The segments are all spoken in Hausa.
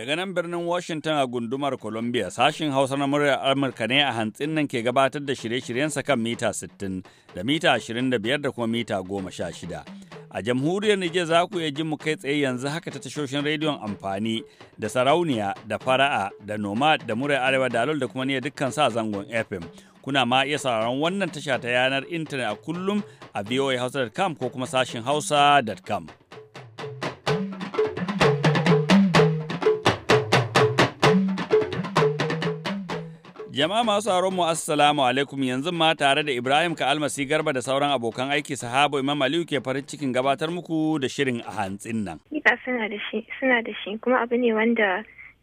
Daga nan birnin Washington a gundumar Columbia, sashin Hausa na muryar Amurka ne a hantsin nan ke gabatar da shirye-shiryensa kan mita 60 da mita 25 da kuma mita 16. A jamhuriyar Nijar za ku iya ji mu kai tsaye yanzu haka ta tashoshin rediyon amfani da sarauniya da fara'a da nomad da muryar arewa da da kuma niyyar dukkan sa zangon FM. Kuna ma iya sauraron wannan tasha ta yanar intanet a kullum a voahausa.com ko kuma sashin hausa.com. Jama'a masu sauraron mu assalamu alaikum yanzu ma tare da Ibrahim ka almasi garba da sauran abokan aiki sahabo Imam Aliyu ke farin cikin gabatar muku da shirin a hantsin nan. Ika suna da shi suna da shi kuma abu ne wanda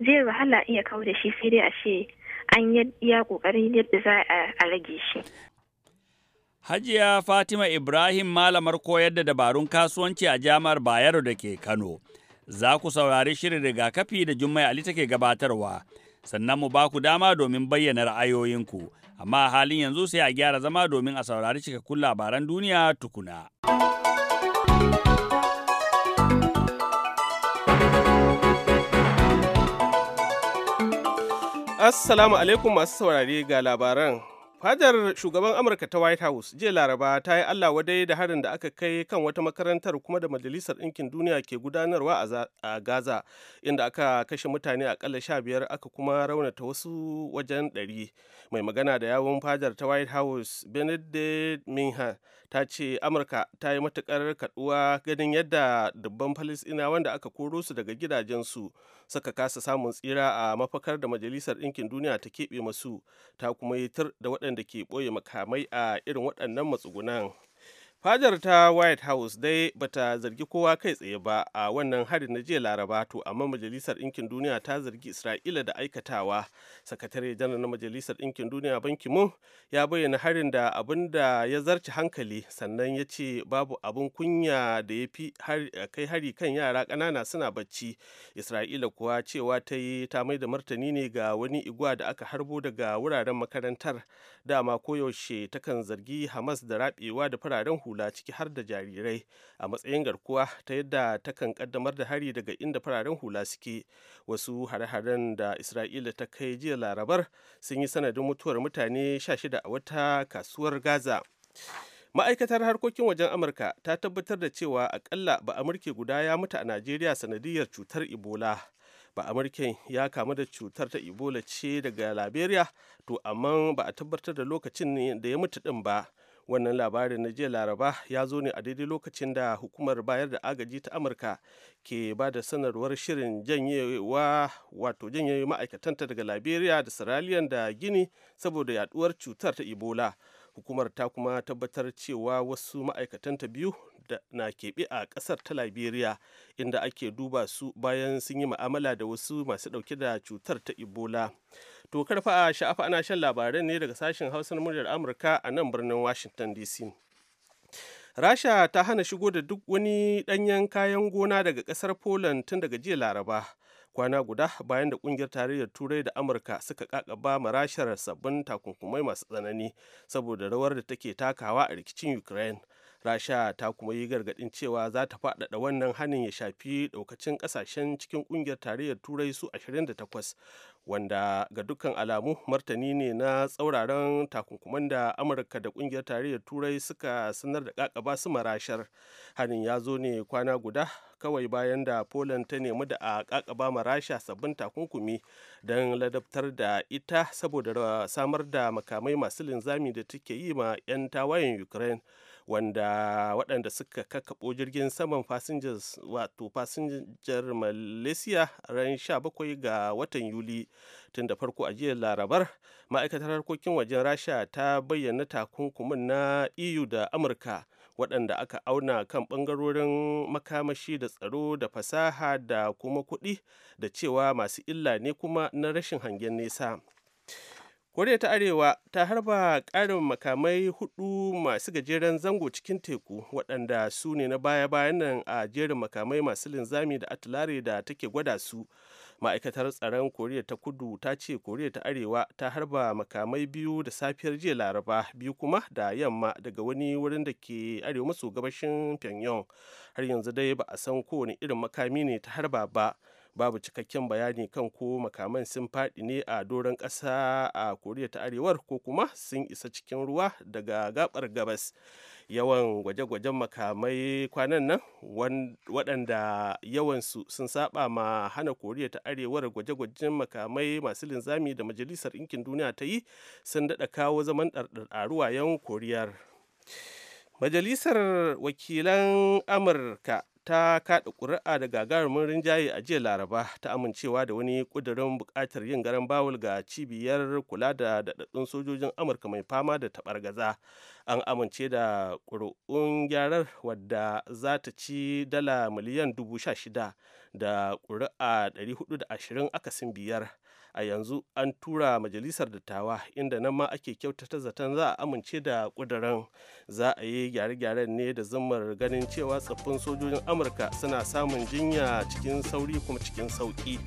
zai wahala iya kawo da shi sai dai a ce an ya kokarin yadda za a rage shi. Hajiya Fatima Ibrahim malamar koyar da dabarun kasuwanci a jami'ar Bayero da ke Kano. Za ku saurari shirin rigakafi da Jummai Ali take gabatarwa. sannan mu ba ku dama domin bayyana ra'ayoyinku. Amma a halin yanzu sai a gyara zama domin a saurari cikakkun labaran duniya tukuna. Assalamu alaikum masu saurari ga labaran. fadar shugaban amurka ta white house jiya laraba ta yi allah wadai da harin da aka kai kan wata makarantar kuma da majalisar ɗinkin duniya ke gudanarwa a gaza inda aka kashe mutane akalla sha biyar aka kuma raunata wasu wajen ɗari mai magana da yawon fadar ta white house benedict minha ta ce amurka ta yi matukar kaduwa ganin yadda dubban falisina wanda aka koro su daga gidajensu suka kasa samun tsira a mafakar da majalisar ɗinkin duniya ta keɓe masu ta kuma yi tur da waɗanda ke ɓoye makamai a irin waɗannan matsugunan fadar ta white house dai bata zargi kowa kai tsaye ba a wannan harin na jiya laraba to amma majalisar ɗinkin duniya ta zargi isra'ila da aikatawa sakatare janar na majalisar ɗinkin duniya banki mu ya bayyana harin da abin da ya zarci hankali sannan ya ce babu abun kunya da ya fi kai hari kan yara ƙanana suna bacci isra'ila kuwa cewa ta yi ta mai da martani ne ga wani iguwa da aka harbo daga wuraren makarantar dama koyaushe takan zargi hamas da rabewa da fararen hula hula ciki har da jarirai a matsayin garkuwa ta yadda takan kaddamar da hari daga inda fararen hula suke wasu hare-haren da isra'ila ta kai jiya larabar sun yi sanadin mutuwar mutane 16 a wata kasuwar gaza ma'aikatar harkokin wajen amurka ta tabbatar da cewa akalla ba amurke guda ya mutu a najeriya sanadiyar cutar ebola ba ya kamu da cutar ta ebola ce daga liberia to amma ba a tabbatar da lokacin da ya mutu din ba wannan labarin na jiya laraba ya zo ne a daidai lokacin da hukumar bayar da agaji ta amurka ke ba da sanarwar shirin janyewa wato janye ma'aikatanta daga liberia da saraliyan da gini saboda yaduwar cutar ta ebola hukumar ta kuma tabbatar cewa wasu ma'aikatanta biyu na keɓe a ƙasar ta liberia inda ake duba su bayan sun yi ma'amala da wasu masu ɗauke da cutar ta ebola To karfa a sha'afa ana shan labarai ne daga sashen hausar muryar Amurka a nan birnin Washington DC. Rasha ta hana shigo da duk wani ɗanyen kayan gona daga ƙasar Poland tun daga jiya Laraba. Kwana guda bayan da ƙungiyar tarayyar Turai da Amurka suka kakaba ma rashar sabbin takunkumai masu tsanani saboda rawar da take takawa a rikicin Ukraine. rasha ta kuma yi gargadin cewa za ta faɗaɗa wannan hanin ya shafi ɗaukacin ƙasashen cikin ƙungiyar tarayyar turai su 28 wanda ga dukkan alamu martani ne na tsauraran takunkuman da amurka da ƙungiyar tarayyar turai suka sanar da ƙaƙaba su marashar hanin ya zo ne kwana guda kawai bayan da poland ta nemi da a ƙaƙaba marasha sabbin takunkumi don ladabtar da ita saboda samar da makamai masu linzami da take yi ma 'yan tawayen ukraine wanda waɗanda suka kakkaɓo jirgin saman fasinjas wato fasinjar malaysia ran 17 ga watan yuli tun da farko a jiya larabar ma'aikatar harkokin wajen rasha ta bayyana takunkumin na eu da amurka waɗanda aka auna kan ɓangarorin makamashi da tsaro da fasaha da kuma kuɗi da cewa masu illa ne kuma na rashin hangen nesa koriya ta arewa ta harba ƙarin makamai hudu masu gajeren zango cikin teku waɗanda su ne na baya-bayan nan a jerin makamai masu linzami da atulare da take gwada su ma'aikatar tsaron koriya ta kudu ta ce koriya ta arewa ta harba makamai biyu da safiyar jiya laraba biyu kuma da yamma daga wani wurin da ke arewa maso gabashin pyongyang har yanzu dai ba a san kowane irin makami ne ta harba ba babu cikakken bayani kan ko makaman sun faɗi ne a doron ƙasa a koriya ta arewar ko kuma sun isa cikin ruwa daga gabar gabas yawan gwaje-gwajen makamai kwanan nan waɗanda yawansu sun saba ma hana koriya ta arewar gwaje-gwajen makamai masu linzami da majalisar ɗinkin duniya ta yi sun daɗa kawo zaman ɗarɗar a koriyar majalisar wakilan amurka ta kaɗa ƙuri'a da gagarumin rinjaye a jiya laraba ta amincewa da wani ƙudurin buƙatar yin garan bawul ga cibiyar kula da daɗaɗɗun sojojin amurka mai fama da gaza an amince da ƙuri'un gyarar wadda za ta ci dala miliyan dubu sha shida da ƙuri'a ashirin akasin biyar a yanzu an tura majalisar dattawa inda nan ma ake kyautata zaton za a amince da kudirin za a yi gyare-gyaren ne da zammar ganin cewa tsaffin sojojin amurka suna samun jinya cikin sauri kuma cikin sauki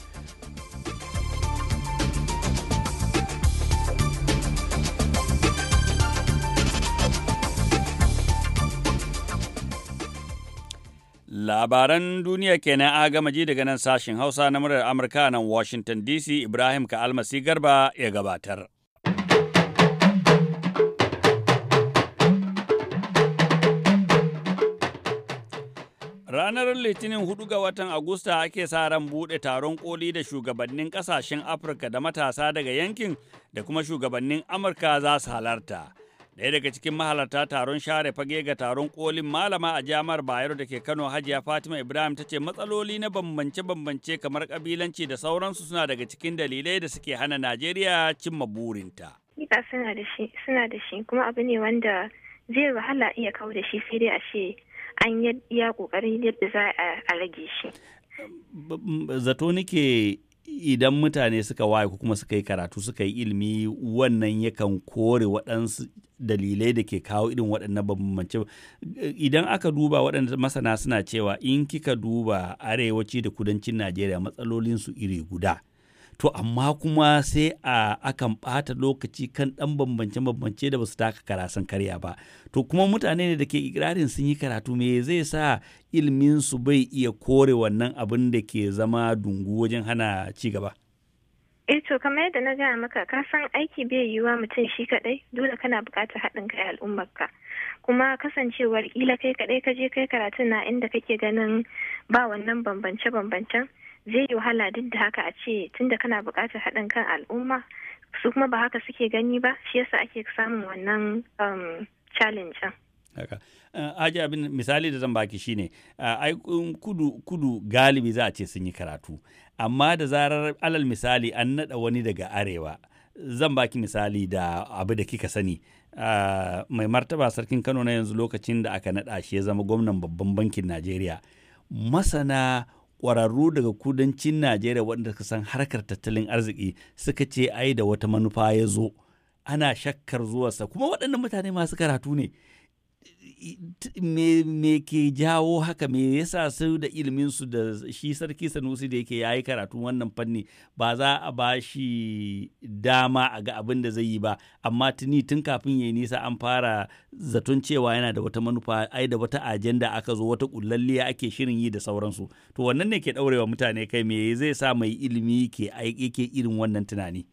Labaran duniya kenan a gama ji daga nan sashen Hausa na murar Amurka nan Washington DC Ibrahim ka Almasi Garba ya gabatar. Ranar Litinin 4 ga watan Agusta ake sa ran buɗe taron koli da shugabannin ƙasashen Afirka da matasa daga yankin da kuma shugabannin Amurka za su halarta. Ɗaya daga cikin mahalarta taron share fage ga taron kolin malama a jami'ar Bayero da ke Kano Hajiya Fatima Ibrahim ta ce matsaloli na bambance-bambance kamar kabilanci da sauransu suna daga cikin dalilai da suke hana Najeriya cimma burinta. Ita suna da shi, kuma abu ne wanda zai wahala iya kawo da shi sai dai a ce an iya kokarin yadda za a rage shi. Zato nake idan mutane suka waye ko kuma suka yi karatu suka yi ilimi wannan yakan kore waɗansu dalilai da ke kawo irin waɗannan bambance idan aka duba waɗanda masana suna cewa in kika duba arewaci da kudancin najeriya matsalolinsu iri guda to amma kuma sai a akan ɓata lokaci kan ɗan bambance-bambance da basu taka karasan karya ba to kuma mutane ne da ke ikirarin sun yi karatu me zai sa ilimin su bai iya kore wannan abin da ke zama dungu wajen hana ci gaba eh to kamar yadda na gaya maka ka san aiki bai yiwuwa mutum shi kaɗai dole kana buƙatar haɗin kai al'ummarka kuma kasancewar kila kai kaɗai ka je kai karatun na inda kake ganin ba wannan bambance-bambancen zai yi wahala duk da haka a ce tunda kana buƙatar haɗin kan al'umma su kuma ba haka suke gani ba shi yasa ake samun wannan um, challenge haka eh, aji abin misali da zan baki shine ai kudu kudu galibi za a ce sun yi karatu amma da zarar alal misali an naɗa wani daga arewa zan baki misali da abu da kika sani mai martaba sarkin kano na yanzu lokacin da aka naɗa shi ya zama gwamnan babban bankin najeriya masana ƙwararru daga kudancin najeriya waɗanda suka san harkar tattalin arziki suka ce ai da wata manufa ya zo ana shakkar zuwarsa kuma waɗannan mutane masu karatu ne me ke jawo haka me yasa su da su da shi sarki sanusi da yake yayi karatu wannan fanni ba za a ba shi dama a ga abin da zai yi ba amma tuni tun kafin yayi nisa an fara zaton cewa yana da wata manufa ai da wata ajenda aka zo wata kullalliya ake shirin yi da sauransu to wannan ne ke daurewa mutane kai me zai sa mai ilimi ke yake irin wannan tunani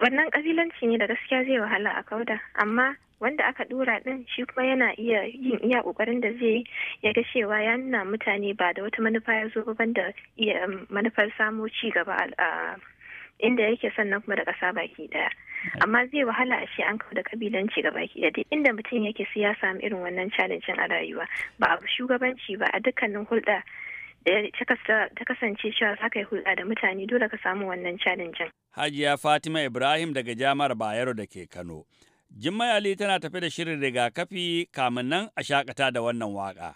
wannan kabilanci ne da gaskiya zai wahala a kauda amma wanda aka dora din shi kuma yana iya yin iya kokarin da zai ya ga cewa ya nuna mutane ba da wata manufa ya zo ban da um, manufar samo ci gaba a inda yake sannan kuma da ƙasa baki daya amma zai wahala a shi an kawo da kabilanci ga baki daya inda mutum yake sai ya samu irin wannan challenge a rayuwa ba a shugabanci ba a dukkanin hulɗa ta kasance cewa za ka yi hulɗa da mutane dole ka samu wannan challenge. Hajiya Fatima Ibrahim daga Jamar Bayero da ke Kano. Jimmai Ali tana tafe da shirin rigakafi kamin nan a shakata da wannan waƙa.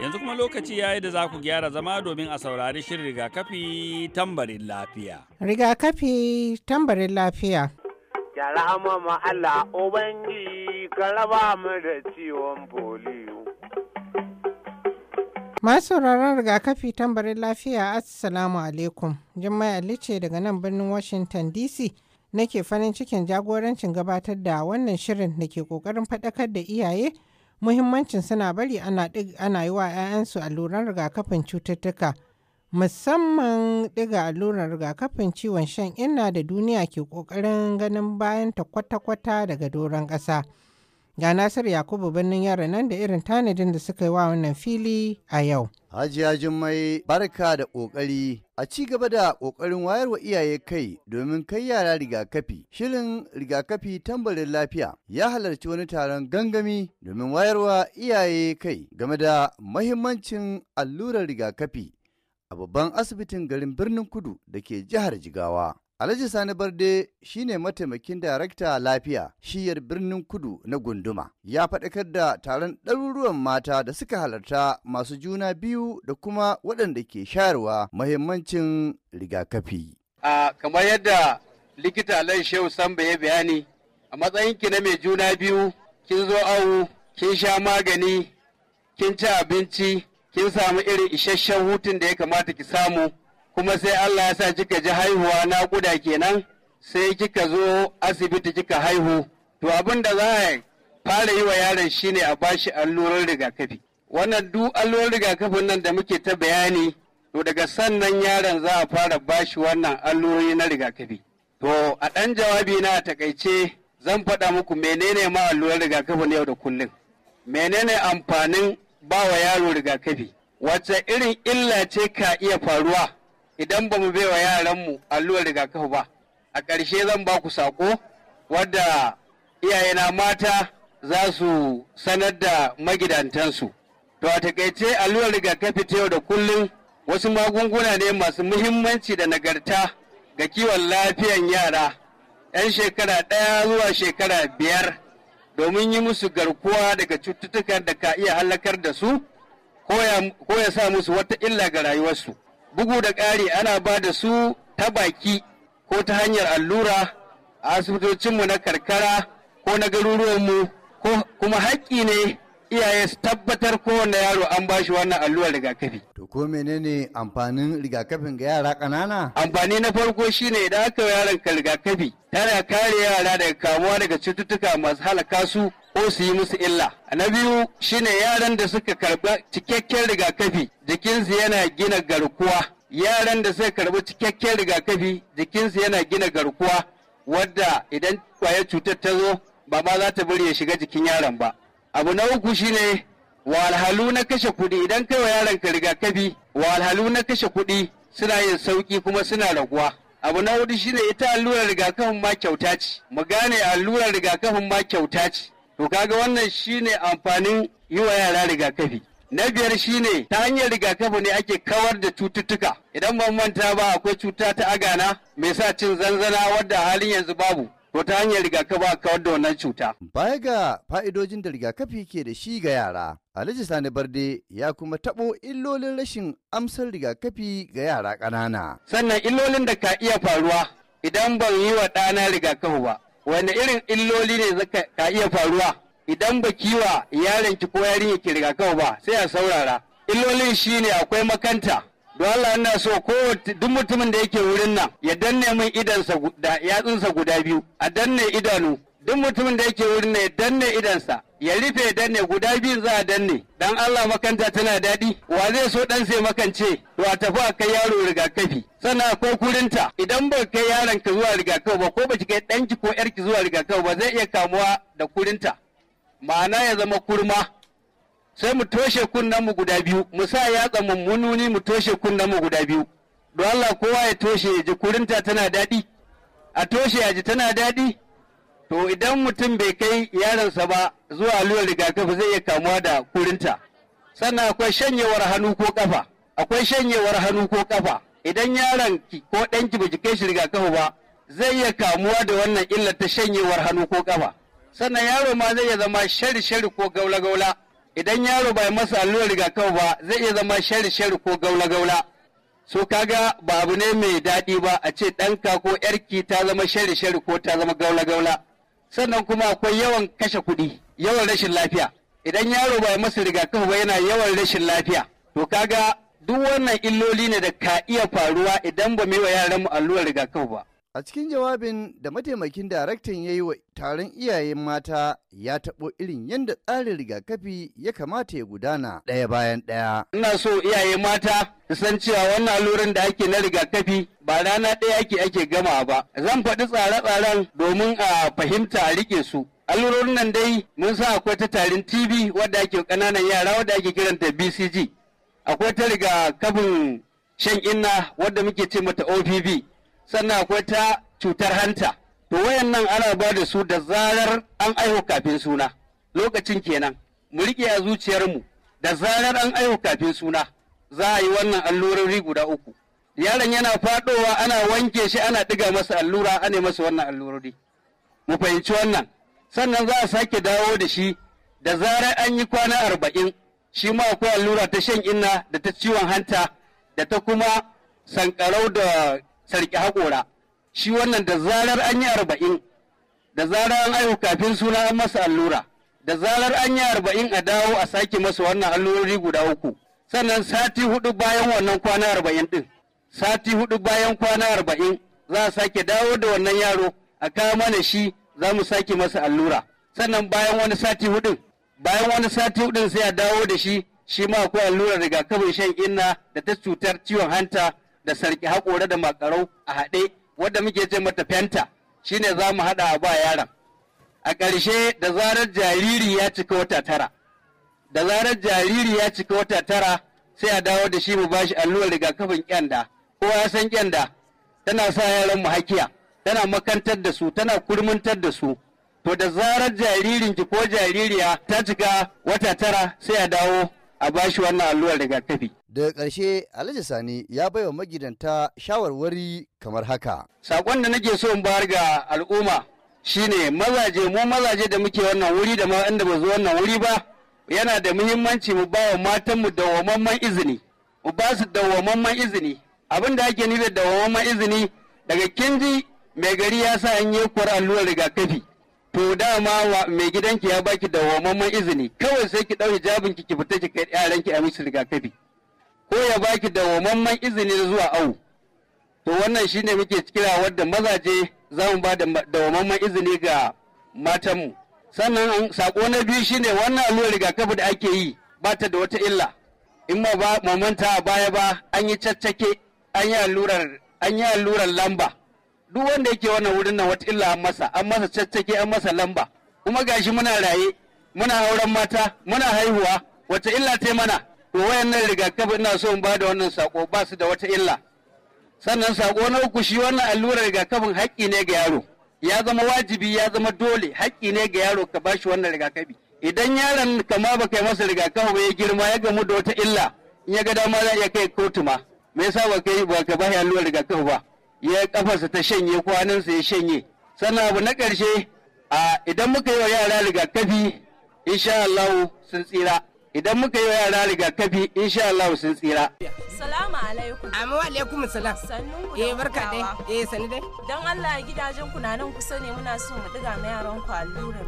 Yanzu kuma lokaci ya yi da za ku gyara zama domin a saurari shirin rigakafi tambarin lafiya. Rigakafi tambarin lafiya. Ya rahama ma Allah obangi ka raba mu da ciwon polio. Masu sauraron rigakafi tambarin lafiya Assalamu alaikum. Jummai Ali ce daga nan birnin Washington DC. Nake farin cikin jagorancin gabatar da wannan shirin da ke ƙoƙarin faɗakar da iyaye muhimmancin suna bari ana yi wa 'ya'yansu alluran rigakafin cututtuka musamman ɗiga allurar rigakafin ciwon shan inna da duniya ke ƙoƙarin ganin bayan ta kwata-kwata daga doron ƙasa. Ga Nasiru Yakubu birnin yara nan da irin tanadin da suka yi wa wannan fili a yau. Hajiya Jummai barka da ƙoƙari a ci gaba da ƙoƙarin wayarwa iyaye kai domin kai yara rigakafi. Shirin rigakafi tambarin lafiya ya halarci wani taron gangami domin wayarwa iyaye kai game da mahimmancin allurar rigakafi a babban asibitin garin birnin kudu da ke jihar Jigawa. Alhaji Sani Barde shi ne mataimakin darakta lafiya shiyar birnin kudu na gunduma. Ya faɗakar da taron ɗaruruwan mata da suka halarta masu juna biyu da kuma waɗanda ke shayarwa mahimmancin rigakafi. A kamar yadda likita Alan Shehu Sambe ya bayani, a matsayinki na mai juna biyu, kin zo awu, kin sha magani, kin ci abinci, kin samu irin isasshen hutun da ya kamata ki samu. kuma sai Allah ya sa kika ji haihuwa na guda kenan sai kika zo asibiti kika haihu to abin da za a fara yi wa yaron shine a bashi allurar rigakafi wannan duk allurar rigakafin nan da muke ta bayani to daga sannan yaron za a fara bashi wannan allurori na rigakafi to a ɗan jawabi na takaice zan faɗa muku menene ma allurar rigakafin yau da kullum menene amfanin ba wa yaro rigakafi Wace irin illa ce ka iya faruwa idan ba mu baiwa yaranmu allurar rigakafi ba a ƙarshe zan ba ku sako wadda iyayena mata za su sanar da magidantansu to a takaice allurar rigakafi ta yau da kullum wasu magunguna ne masu muhimmanci da nagarta ga kiwon lafiyan yara 'yan shekara ɗaya zuwa shekara biyar domin yi musu garkuwa daga cututtukan da ka iya halakar da su ko ya sa musu wata illa ga rayuwarsu bugu da ƙari ana ba da su ta baki ko ta hanyar allura a asibitocinmu na karkara ko na garuruwanmu kuma haƙƙi ne iyaye su tabbatar kowane yaro an ba shi wannan allurar rigakafi. To ko menene amfanin rigakafin ga yara ƙanana? Amfani na farko shine idan aka yaron ka rigakafi tana kare yara daga kamuwa daga cututtuka masu halaka su ko su yi musu illa. Na biyu shine yaran da suka karɓi cikakken rigakafi jikinsu yana gina garkuwa. Yaran da suka karɓi cikakken rigakafi jikinsu yana gina garkuwa wadda idan kwaya cutar ta zo ba ma za ta bari ya shiga jikin yaron ba. Abu na uku shine walhalu na kashe kuɗi idan kai wa yaron ka rigakafi walhalu na kashe kuɗi suna yin sauƙi kuma suna raguwa. abu na hudu shine ita allurar rigakafin ma kyauta ce mu gane allurar rigakafin ma kyauta ce To kaga wannan shine amfanin yi wa yara rigakafi. Na biyar shine ta hanyar rigakafi ne ake kawar da cututtuka. Idan ban manta ba akwai cuta ta agana mai sa cin zanzana wadda halin yanzu babu. To ta hanyar rigakafi a kawar da wannan cuta. Baya ga fa'idojin da rigakafi ke da shi ga yara, Alhaji Sani Barde ya kuma taɓo illolin rashin amsar rigakafi ga yara ƙanana. Sannan illolin da ka iya faruwa idan ban yi wa ɗana rigakafi ba. wani irin illoli ne ka iya faruwa idan ba kiwa yaron ki ko yarinyar ki riga rigakafi ba sai a saurara illolin shine akwai makanta don Allah ina so ko duk mutumin da yake wurin nan ya danne min idansa da yatsunsa guda biyu a danne idanu duk mutumin da yake wurin nan ya danne idansa ya rufe danne guda biyun za a danne dan Allah makanta tana daɗi wa zai so dan sai makance to a tafi a kai yaro rigakafi sannan akwai kurinta idan ba kai yaron ka zuwa rigakafi ba ko ba ki kai ɗanki ko yarki zuwa rigakafi ba zai iya kamuwa da kurinta ma'ana ya zama kurma sai mu toshe kunnan mu guda biyu mu sa yatsa mummununi mu toshe kunnen mu guda biyu don Allah kowa ya toshe ya ji kurinta tana daɗi a toshe ya ji tana daɗi to idan mutum bai kai yaronsa ba zuwa allurar rigakafi zai iya kamuwa da kurinta sannan akwai shanyewar hannu ko kafa akwai shanyewar hannu ko kafa idan yaron ki ko ɗanki baki kai shi rigakafi ba zai iya kamuwa da wannan illar ta shanyewar hannu ko kafa sannan yaro ma zai iya zama shari shari ko gaula gaula idan yaro bai masa allurar rigakafi ba zai iya zama shari shari ko gaula gaula so kaga ba abu ne mai daɗi ba a ce ɗanka ko yarki ta zama shari shari ko ta zama gaula gaula sannan kuma akwai yawan kashe kuɗi yawan rashin lafiya idan yaro ba masa rigakafi ba yana yawan rashin lafiya to kaga duk wannan illoli ne da ka iya faruwa idan ba mu yi wa mu allurar rigakafi ba A cikin jawabin da mataimakin daraktan ya yi wa taron iyayen mata ya taɓo irin yadda tsarin rigakafi ya kamata ya gudana ɗaya bayan ɗaya. Ina so iyaye mata su san cewa wannan alluran da ake na rigakafi ba rana ɗaya ake ake gama ba. Zan faɗi tsare-tsaren domin a fahimta a riƙe su. Allurorin nan dai mun sa akwai ta tarin TB wadda ake ƙananan yara wadda ake kiranta BCG. Akwai ta rigakafin shan inna wadda muke ce mata OPV. sannan akwai ta cutar hanta to wayannan ana ba da su da zarar an aihu kafin suna lokacin kenan mu riƙe a zuciyarmu da zarar an aihu kafin suna za a yi wannan allurori guda uku yaron yana faɗowa ana wanke shi ana ɗiga masa allura ana masa wannan allurori mu fahimci wannan sannan za a sake dawo da shi da zarar an yi kwana arba'in shi ma akwai allura ta shan inna da ta ciwon hanta da ta kuma sankarau da ta riƙe haƙora shi wannan da zarar an yi arba'in da zarar an aihu kafin suna an masa allura da zarar an yi arba'in a dawo a sake masa wannan allurori guda uku sannan sati hudu bayan wannan kwana arba'in din sati hudu bayan kwana arba'in za a sake dawo da wannan yaro a kawo mana shi za mu sake masa allura sannan bayan wani sati hudu bayan wani sati hudu sai a dawo da shi shi ma akwai allurar rigakafin shan inna da ta cutar ciwon hanta da sarki haƙora da makarau a haɗe wadda muke ce mata fenta shine za mu haɗa ba yaron a ƙarshe da zarar jariri ya cika wata tara da zarar jariri ya cika wata tara sai a dawo da shi mu bashi allurar rigakafin kyanda kowa ya kyanda tana sa yaran mu hakiya tana makantar da su tana kurmantar da su to da zarar jaririnki ko jaririya ta cika wata tara sai a dawo a bashi wannan allurar rigakafi daga ƙarshe alhaji sani ya baiwa magidanta shawarwari kamar haka saƙon da nake so in bayar ga al'umma shine mazaje mu mazaje da muke wannan wuri da ma inda ba zo wannan wuri ba yana da muhimmanci mu ba wa matanmu dawwamamman izini mu ba su dawwamamman izini abin da ake nufi da dawwamamman izini daga kinji mai gari ya sa an yi kwar allurar rigakafi to dama mai gidanki ya baki dawwamamman izini kawai sai ki ɗau hijabinki ki fita ki kai yaranki a musu rigakafi ko ya baki dawwamamman izini zuwa awu to wannan shine muke kira wadda mazaje za mu ba da izini ga matanmu sannan sako na biyu shine wannan allurar rigakafi da ake yi ba ta da wata illa in ma ba mamanta a baya ba an yi caccake an yi allurar lamba duk wanda yake wannan wurin nan wata illa an masa an masa caccake an masa lamba kuma gashi muna raye muna auren mata muna haihuwa wata illa ta mana to wayannan rigakafi ina so in ba da wannan sako ba su da wata illa sannan sako na uku shi wannan allurar rigakafin haƙƙi ne ga yaro ya zama wajibi ya zama dole haƙƙi ne ga yaro ka bashi wannan rigakafi idan yaron kama ba kai masa rigakafi ba ya girma ya gamu da wata illa in ya ga dama za iya kai kotu ma me yasa ba kai ba ka bashi allurar rigakafi ba ya kafarsa ta shanye kwanansa ya shanye sannan abu na ƙarshe a idan muka yi wa yara rigakafi insha Allah sun tsira idan muka yi wa yara rigakafi insha Allah sun tsira. Salamu alaikum. Amma wa alaikum salam. sannu ku Eh barka dai. Eh sani dai. Don Allah gidajen ku na nan kusa ne muna so mu diga ma yaran ku alluran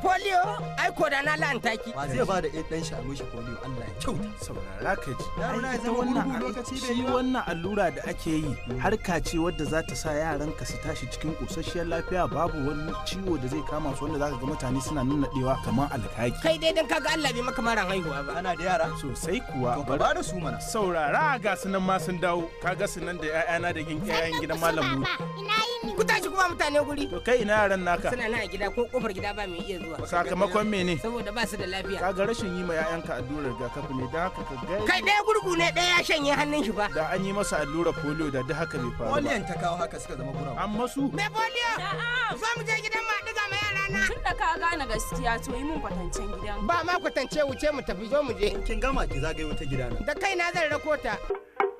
polio. Ai ko da na lantaki. Ba Wa zai ba da ɗan eh, dan shi a polio Allah ya kyauta. Saurara ka ji. Ai ita wannan lokaci bai yi wannan allura da ake yi harka ce wadda za ta sa yaran ka su tashi cikin kusasshiyar lafiya babu wani ciwo da zai kama su wanda za ka ga mutane suna nuna dewa kamar alkaki. Kai dai dan kaga Allah bai maka maran haihuwa ba ana da yara sosai kuwa to ba da su mana saurara ga sunan ma sun dawo kaga sunan da ƴaƴana da 'ya'yan gidan malam mu ku tashi kuma mutane guri to kai ina yaran naka suna nan a gida ko kofar gida ba mai iya zuwa sakamakon mene saboda ba su da lafiya kaga rashin yi ma ƴaƴanka allurar rigakafi ne dan haka ka ga kai ɗaya gurgu ne ɗaya ya shanye hannun shi ba da an yi masa allurar polio da duk haka bai faru ba polio ta kawo haka suka zama gurawa an masu me polio za mu je gidan ma Tun da ka gane gaskiya to yi mun kwatancen gidan. Ba ma kwatance wuce mu tafi zo mu je. Kin gama ki zagaye wata gidana. Da kaina zan rako ta.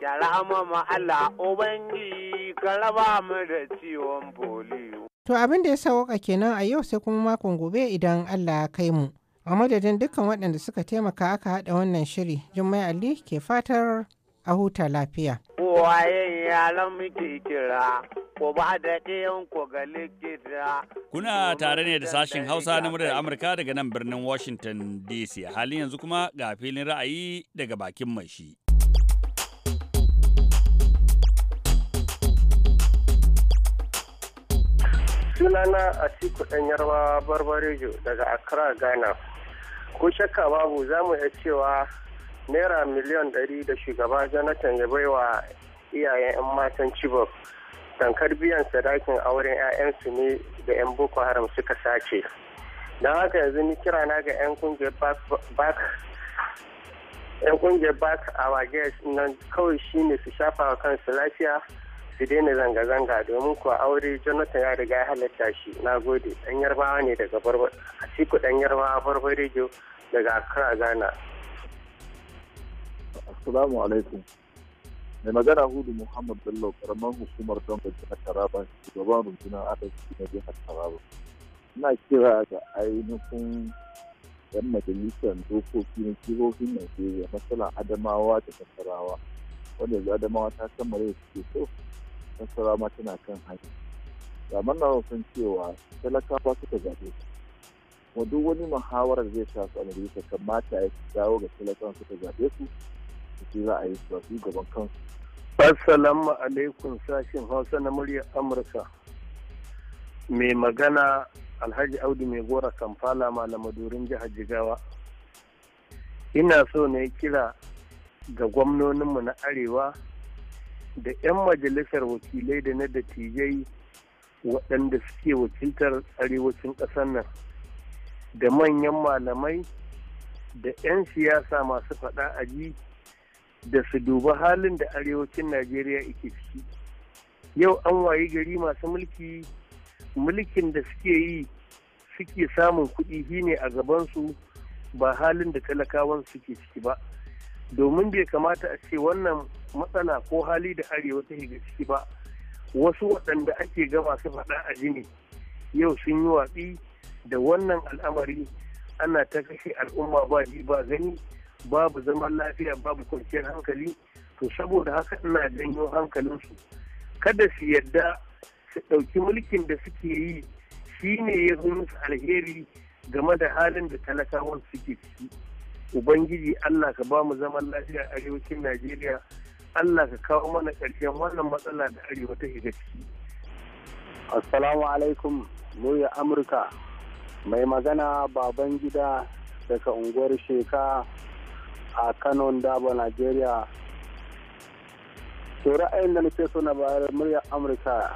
Ya rahama ma Allah ubangi ka mu da ciwon polio. To abin da ya sa waka kenan a yau sai kuma makon gobe idan Allah ya kai mu. A madadin dukkan waɗanda suka taimaka aka haɗa wannan shiri, Jummai Ali ke fatar a huta lafiya. Waye muke kira, ku ba da ku ga likita. Kuna tare ne da sashen Hausa na muryar Amurka daga nan birnin Washington DC. Halin yanzu kuma ga filin ra'ayi daga bakin mai shi. Sunana ɗan Ɗanyarwa Barbarejo daga Accra, Ghana. Ko shakka babu za mu iya cewa naira miliyan ɗari da shugaba jonathan ya baiwa iyayen 'yan matan chibok tankar biyan sadakin auren 'ya'yansu ne da 'yan boko haram suka sace don haka yanzu ni kira na ga 'yan kungiyar back yan kungiyar back our guest nan kawai shine su shafa wa kansu lafiya su daina zanga-zanga domin kuwa aure jonathan ya riga ya halatta shi na gode dan yarbawa ne daga barbar a siku dan yarbawa barbar daga accra ghana Assalamu alaikum. Mai magana Hudu Muhammad Bello karamar hukumar don jihar Taraba shugaban rundunar adalci na jihar Taraba. Ina kira ga ainihin yan majalisar dokoki na jihohin Najeriya matsalan Adamawa da Nasarawa. Wanda yanzu Adamawa ta kammala suke so, Nasarawa ma tana kan hanya. Ga manna san cewa talakawa suka zaɓe su. Kuma duk wani muhawarar zai shafi a majalisar kamata ya dawo ga talakan suka zaɓe su rikici za a yi su su gaban kansu. Assalamu alaikum sashin Hausa na muryar Amurka. Mai magana Alhaji Audu mai gora Kamfala malamadurin jihar Jigawa. Ina so na yi kira ga gwamnoninmu na Arewa da 'yan majalisar wakilai da na dattijai waɗanda suke wakiltar arewacin ƙasar nan da manyan malamai da 'yan siyasa masu faɗa a ji da su duba halin da arewacin najeriya ike ciki yau an wayi gari masu mulki mulkin da suke yi suke samun kuɗi shine a gabansu ba halin da talakawan suke ciki ba domin bai kamata a ce wannan matsala ko hali da arewa ta shiga ciki ba wasu waɗanda ake ga masu faɗa a jini yau sun yi watsi da wannan al'amari ana ta kashe al'umma ba ji ba gani babu zaman lafiya babu kwanciyar hankali to saboda haka ina janyo hankalinsu kada su yadda su ɗauki mulkin da suke yi shine ya zo musu alheri game da halin da talakawan suke ciki ubangiji allah ka ba mu zaman lafiya arewacin najeriya allah ka kawo mana ƙarshen wannan matsala da arewa ta shiga ciki assalamu alaikum murya amurka mai magana baban gida daga unguwar sheka a Kano Daba nigeria To ra'ayin da nake so na bayar muryar Amurka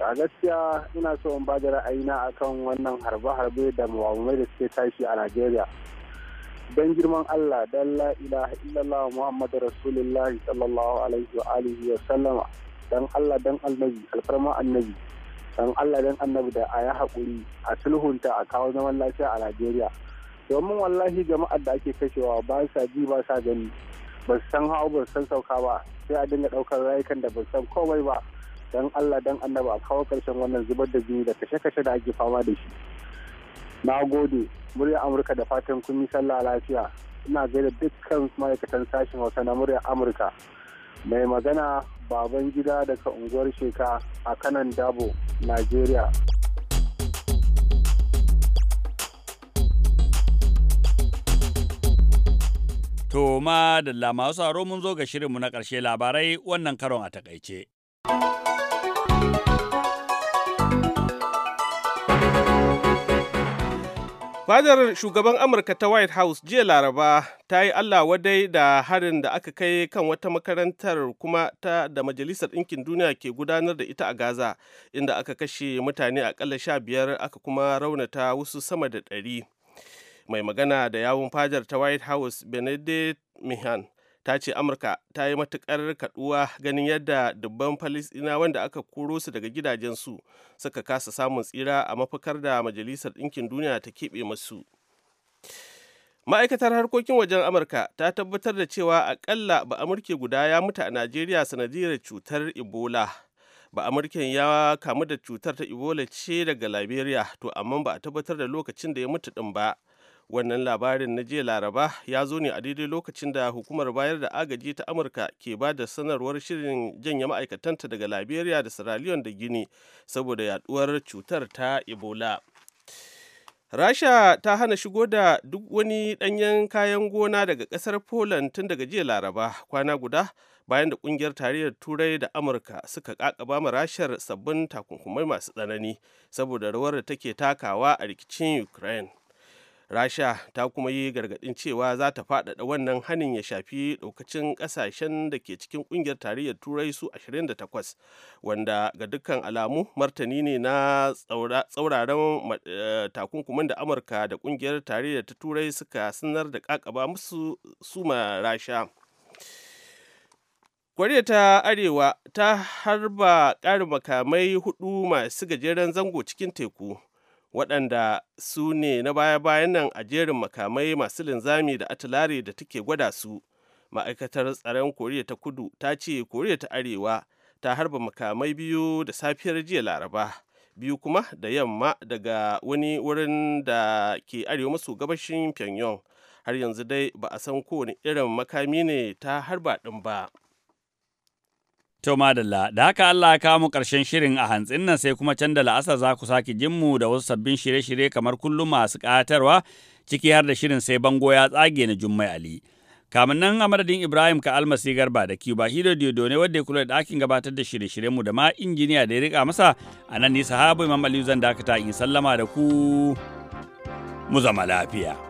a gaskiya ina so in bada ra'ayina akan wannan harbe-harbe da mawamai da suke tashi a nigeria. Don girman Allah don la ilaha illallah Muhammadu Rasulullahi sallallahu alaihi wa alihi wa sallama don Allah don annabi alfarma annabi don Allah don annabi da a yi haƙuri a sulhunta a kawo zaman lafiya a nigeria. domin wallahi jama'ar da ake kashewa ba sa ji ba sa gani ba su san hawa ba su san sauka ba sai a dinga daukar rayukan da ba san komai ba don allah don annaba a kawo karshen wannan zubar da jini da kashe-kashe da ake fama da shi na gode murya amurka da fatan kun yi sallah lafiya ina gaida dukkan ma'aikatan sashen hausa na murya amurka mai magana baban gida daga unguwar sheka a kanan dabo nigeria To ma da lama saro mun zo ga shirinmu na ƙarshe labarai wannan karon a takaice. Fadar shugaban Amurka ta White House jiya Laraba ta yi Allah wadai da harin da aka kai kan wata makarantar kuma ta da Majalisar Ɗinkin Duniya ke gudanar da ita a Gaza, inda aka kashe mutane akalla sha biyar aka kuma raunata wasu sama da ɗari. mai magana da yawun fajar ta white house benedict mihan ta ce amurka ta yi matukar kaduwa ganin yadda dubban falisina wanda aka kuro su daga gidajensu suka kasa samun tsira a mafakar da majalisar ɗinkin duniya ta keɓe masu ma'aikatar harkokin wajen amurka ta tabbatar da cewa akalla ba amurke guda ya mutu a najeriya sanadiyar cutar ebola ba amurken ya kamu da cutar ta ebola ce daga liberia to amma ba a tabbatar da lokacin da ya mutu ɗin ba wannan labarin na jiya laraba ya zo ne a daidai lokacin da hukumar bayar da agaji ta amurka ke ba da sanarwar shirin janye ma'aikatanta daga liberia da sierra leone da gini saboda yaduwar cutar ta ebola rasha ta hana shigo da duk wani ɗanyen kayan gona daga ƙasar poland tun daga jiya laraba kwana guda bayan da kungiyar tarayyar turai da amurka suka kakaba ma rashar sabbin takunkumai masu tsanani saboda rawar da take takawa a rikicin ukraine rasha ta kuma yi gargaɗin cewa za ta faɗaɗa wannan hanin ya shafi ɗaukacin ƙasashen da ke cikin ƙungiyar tarayyar turai su 28 wanda ga dukkan alamu martani ne na tsauraran eh, takunkumin da amurka da ƙungiyar tarayyar ta turai suka sanar da ƙaƙaba musu suma rasha koriya ta arewa ta harba ƙarin makamai hudu masu gajeren zango cikin teku waɗanda su ne na baya-bayan nan a jerin makamai masu linzami da atilare da take gwada su ma'aikatar tsaron koriya ta kudu ta ce koriya ta arewa ta harba makamai biyu da safiyar jiya laraba biyu kuma da yamma daga wani wurin da ke arewa maso gabashin pyongyang har yanzu dai ba a san kowane irin makami ne ta harba ɗin ba. To madalla, da haka Allah ya kawo mu ƙarshen shirin a hantsin nan sai kuma can da la'asar za ku sake jin mu da wasu sabbin shirye-shirye kamar kullum masu ƙayatarwa ciki har da shirin sai bango ya tsage na Jummai Ali. kamun nan a madadin Ibrahim ka almasi garba da Cuba da Diodo ne wadda ya kula da ɗakin gabatar da shirye-shiryen mu da ma injiniya da ya riƙa masa a nan ni sahabu Imam Aliyu zan dakata in sallama da ku mu zama lafiya.